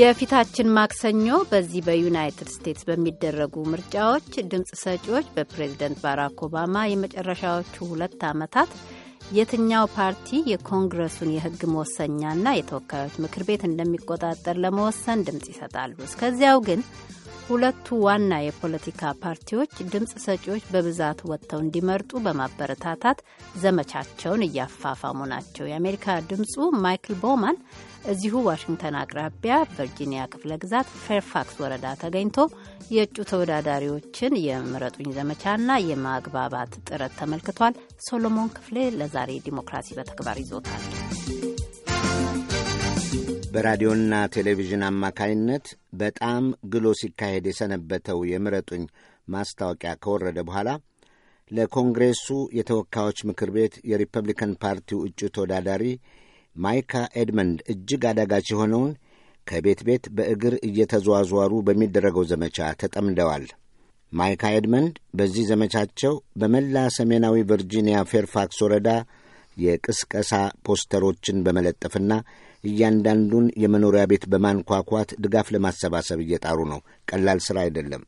የፊታችን ማክሰኞ በዚህ በዩናይትድ ስቴትስ በሚደረጉ ምርጫዎች ድምፅ ሰጪዎች በፕሬዝደንት ባራክ ኦባማ የመጨረሻዎቹ ሁለት ዓመታት የትኛው ፓርቲ የኮንግረሱን የሕግ መወሰኛና የተወካዮች ምክር ቤት እንደሚቆጣጠር ለመወሰን ድምፅ ይሰጣሉ። እስከዚያው ግን ሁለቱ ዋና የፖለቲካ ፓርቲዎች ድምፅ ሰጪዎች በብዛት ወጥተው እንዲመርጡ በማበረታታት ዘመቻቸውን እያፋፋሙ ናቸው። የአሜሪካ ድምፁ ማይክል ቦማን እዚሁ ዋሽንግተን አቅራቢያ ቨርጂኒያ ክፍለ ግዛት ፌርፋክስ ወረዳ ተገኝቶ የእጩ ተወዳዳሪዎችን የምረጡኝ ዘመቻና የማግባባት ጥረት ተመልክቷል። ሶሎሞን ክፍሌ ለዛሬ ዲሞክራሲ በተግባር ይዞታል። በራዲዮና ቴሌቪዥን አማካይነት በጣም ግሎ ሲካሄድ የሰነበተው የምረጡኝ ማስታወቂያ ከወረደ በኋላ ለኮንግሬሱ የተወካዮች ምክር ቤት የሪፐብሊካን ፓርቲው እጩ ተወዳዳሪ ማይካ ኤድመንድ እጅግ አዳጋች የሆነውን ከቤት ቤት በእግር እየተዘዋዘዋሩ በሚደረገው ዘመቻ ተጠምደዋል። ማይካ ኤድመንድ በዚህ ዘመቻቸው በመላ ሰሜናዊ ቨርጂኒያ ፌርፋክስ ወረዳ የቅስቀሳ ፖስተሮችን በመለጠፍና እያንዳንዱን የመኖሪያ ቤት በማንኳኳት ድጋፍ ለማሰባሰብ እየጣሩ ነው። ቀላል ስራ አይደለም።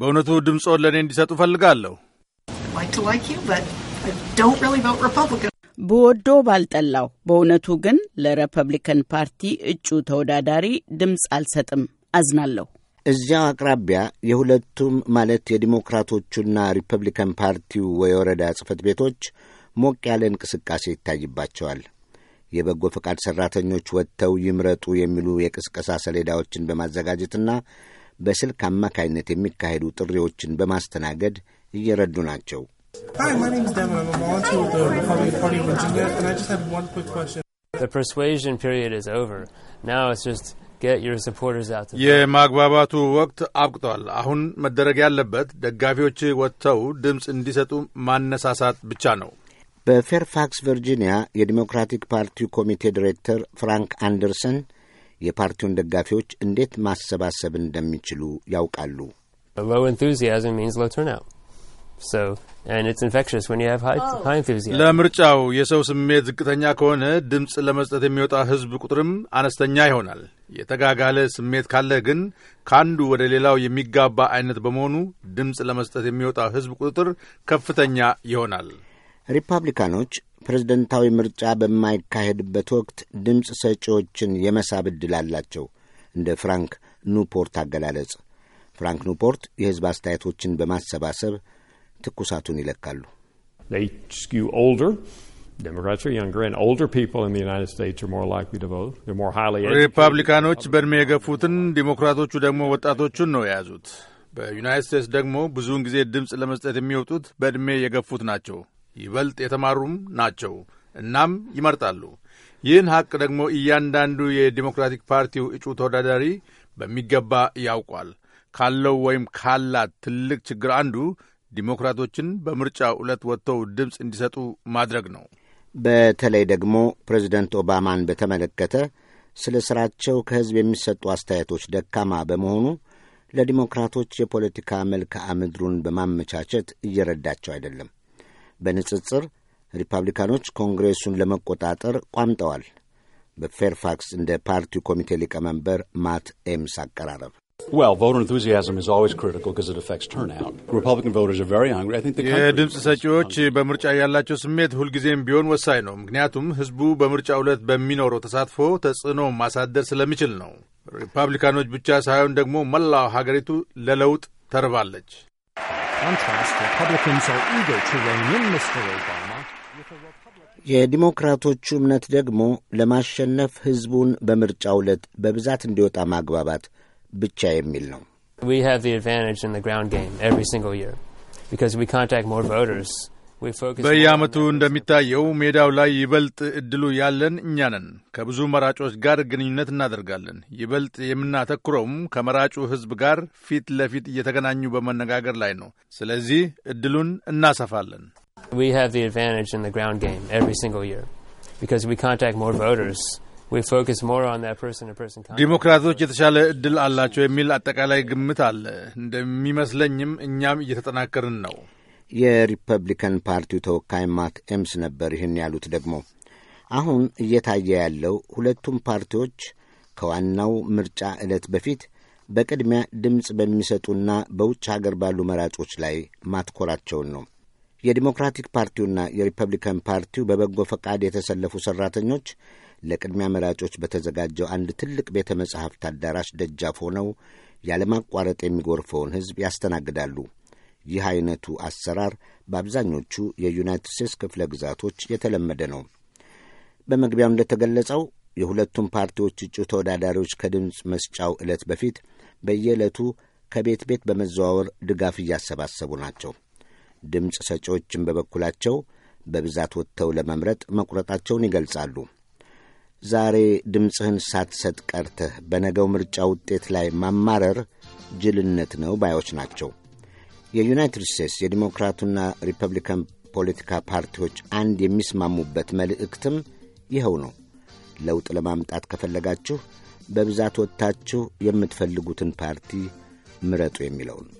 በእውነቱ ድምፆን ለእኔ እንዲሰጡ እፈልጋለሁ። ብወዶ ባልጠላው፣ በእውነቱ ግን ለሪፐብሊካን ፓርቲ እጩ ተወዳዳሪ ድምፅ አልሰጥም። አዝናለሁ። እዚያው አቅራቢያ የሁለቱም ማለት የዲሞክራቶቹና ሪፐብሊካን ፓርቲው ወረዳ ጽህፈት ቤቶች ሞቅ ያለ እንቅስቃሴ ይታይባቸዋል። የበጎ ፈቃድ ሠራተኞች ወጥተው ይምረጡ የሚሉ የቅስቀሳ ሰሌዳዎችን በማዘጋጀትና በስልክ አማካይነት የሚካሄዱ ጥሪዎችን በማስተናገድ እየረዱ ናቸው። uh, የማግባባቱ ወቅት አብቅቷል። አሁን መደረግ ያለበት ደጋፊዎች ወጥተው ድምፅ እንዲሰጡ ማነሳሳት ብቻ ነው። በፌርፋክስ ቨርጂኒያ የዲሞክራቲክ ፓርቲው ኮሚቴ ዲሬክተር ፍራንክ አንደርሰን የፓርቲውን ደጋፊዎች እንዴት ማሰባሰብ እንደሚችሉ ያውቃሉ። oh. ለምርጫው የሰው ስሜት ዝቅተኛ ከሆነ ድምፅ ለመስጠት የሚወጣ ሕዝብ ቁጥርም አነስተኛ ይሆናል። የተጋጋለ ስሜት ካለ ግን ከአንዱ ወደ ሌላው የሚጋባ አይነት በመሆኑ ድምፅ ለመስጠት የሚወጣ ሕዝብ ቁጥር ከፍተኛ ይሆናል። ሪፐብሊካኖች ፕሬዝደንታዊ ምርጫ በማይካሄድበት ወቅት ድምፅ ሰጪዎችን የመሳብ ዕድል አላቸው። እንደ ፍራንክ ኑፖርት አገላለጽ ፍራንክ ኑፖርት የሕዝብ አስተያየቶችን በማሰባሰብ ትኩሳቱን ይለካሉ። ሪፐብሊካኖች በዕድሜ የገፉትን፣ ዲሞክራቶቹ ደግሞ ወጣቶቹን ነው የያዙት። በዩናይት ስቴትስ ደግሞ ብዙውን ጊዜ ድምፅ ለመስጠት የሚወጡት በዕድሜ የገፉት ናቸው። ይበልጥ የተማሩም ናቸው። እናም ይመርጣሉ። ይህን ሐቅ ደግሞ እያንዳንዱ የዲሞክራቲክ ፓርቲው እጩ ተወዳዳሪ በሚገባ ያውቋል። ካለው ወይም ካላት ትልቅ ችግር አንዱ ዲሞክራቶችን በምርጫ ዕለት ወጥተው ድምፅ እንዲሰጡ ማድረግ ነው። በተለይ ደግሞ ፕሬዚደንት ኦባማን በተመለከተ ስለ ሥራቸው ከሕዝብ የሚሰጡ አስተያየቶች ደካማ በመሆኑ ለዲሞክራቶች የፖለቲካ መልክዓ ምድሩን በማመቻቸት እየረዳቸው አይደለም። በንጽጽር ሪፐብሊካኖች ኮንግሬሱን ለመቆጣጠር ቋምጠዋል። በፌርፋክስ እንደ ፓርቲው ኮሚቴ ሊቀመንበር ማት ኤምስ አቀራረብ የድምፅ ሰጪዎች በምርጫ ያላቸው ስሜት ሁልጊዜም ቢሆን ወሳኝ ነው። ምክንያቱም ሕዝቡ በምርጫ ዕለት በሚኖረው ተሳትፎ ተጽዕኖ ማሳደር ስለሚችል ነው። ሪፐብሊካኖች ብቻ ሳይሆን ደግሞ መላው ሀገሪቱ ለለውጥ ተርባለች። contrast, Republicans are eager to rein in Mr. Obama. የዲሞክራቶቹ እምነት ደግሞ ለማሸነፍ ሕዝቡን በምርጫው ዕለት በብዛት እንዲወጣ ማግባባት ብቻ የሚል ነው። We have the advantage in the ground game every single year because we contact more voters በየዓመቱ እንደሚታየው ሜዳው ላይ ይበልጥ እድሉ ያለን እኛ ነን። ከብዙ መራጮች ጋር ግንኙነት እናደርጋለን። ይበልጥ የምናተኩረውም ከመራጩ ሕዝብ ጋር ፊት ለፊት እየተገናኙ በመነጋገር ላይ ነው። ስለዚህ እድሉን እናሰፋለን። ዲሞክራቶች የተሻለ እድል አላቸው የሚል አጠቃላይ ግምት አለ። እንደሚመስለኝም እኛም እየተጠናከርን ነው። የሪፐብሊካን ፓርቲው ተወካይ ማክ ኤምስ ነበር ይህን ያሉት። ደግሞ አሁን እየታየ ያለው ሁለቱም ፓርቲዎች ከዋናው ምርጫ ዕለት በፊት በቅድሚያ ድምፅ በሚሰጡና በውጭ ሀገር ባሉ መራጮች ላይ ማትኮራቸውን ነው። የዲሞክራቲክ ፓርቲውና የሪፐብሊካን ፓርቲው በበጎ ፈቃድ የተሰለፉ ሠራተኞች ለቅድሚያ መራጮች በተዘጋጀው አንድ ትልቅ ቤተ መጻሕፍት አዳራሽ ደጃፍ ሆነው ያለማቋረጥ የሚጎርፈውን ሕዝብ ያስተናግዳሉ። ይህ አይነቱ አሰራር በአብዛኞቹ የዩናይትድ ስቴትስ ክፍለ ግዛቶች የተለመደ ነው። በመግቢያው እንደተገለጸው የሁለቱም ፓርቲዎች እጩ ተወዳዳሪዎች ከድምፅ መስጫው ዕለት በፊት በየዕለቱ ከቤት ቤት በመዘዋወር ድጋፍ እያሰባሰቡ ናቸው። ድምፅ ሰጪዎችን በበኩላቸው በብዛት ወጥተው ለመምረጥ መቁረጣቸውን ይገልጻሉ። ዛሬ ድምፅህን ሳትሰጥ ቀርተህ በነገው ምርጫ ውጤት ላይ ማማረር ጅልነት ነው ባዮች ናቸው። የዩናይትድ ስቴትስ የዲሞክራቱና ሪፐብሊካን ፖለቲካ ፓርቲዎች አንድ የሚስማሙበት መልእክትም ይኸው ነው። ለውጥ ለማምጣት ከፈለጋችሁ በብዛት ወጥታችሁ የምትፈልጉትን ፓርቲ ምረጡ የሚለውን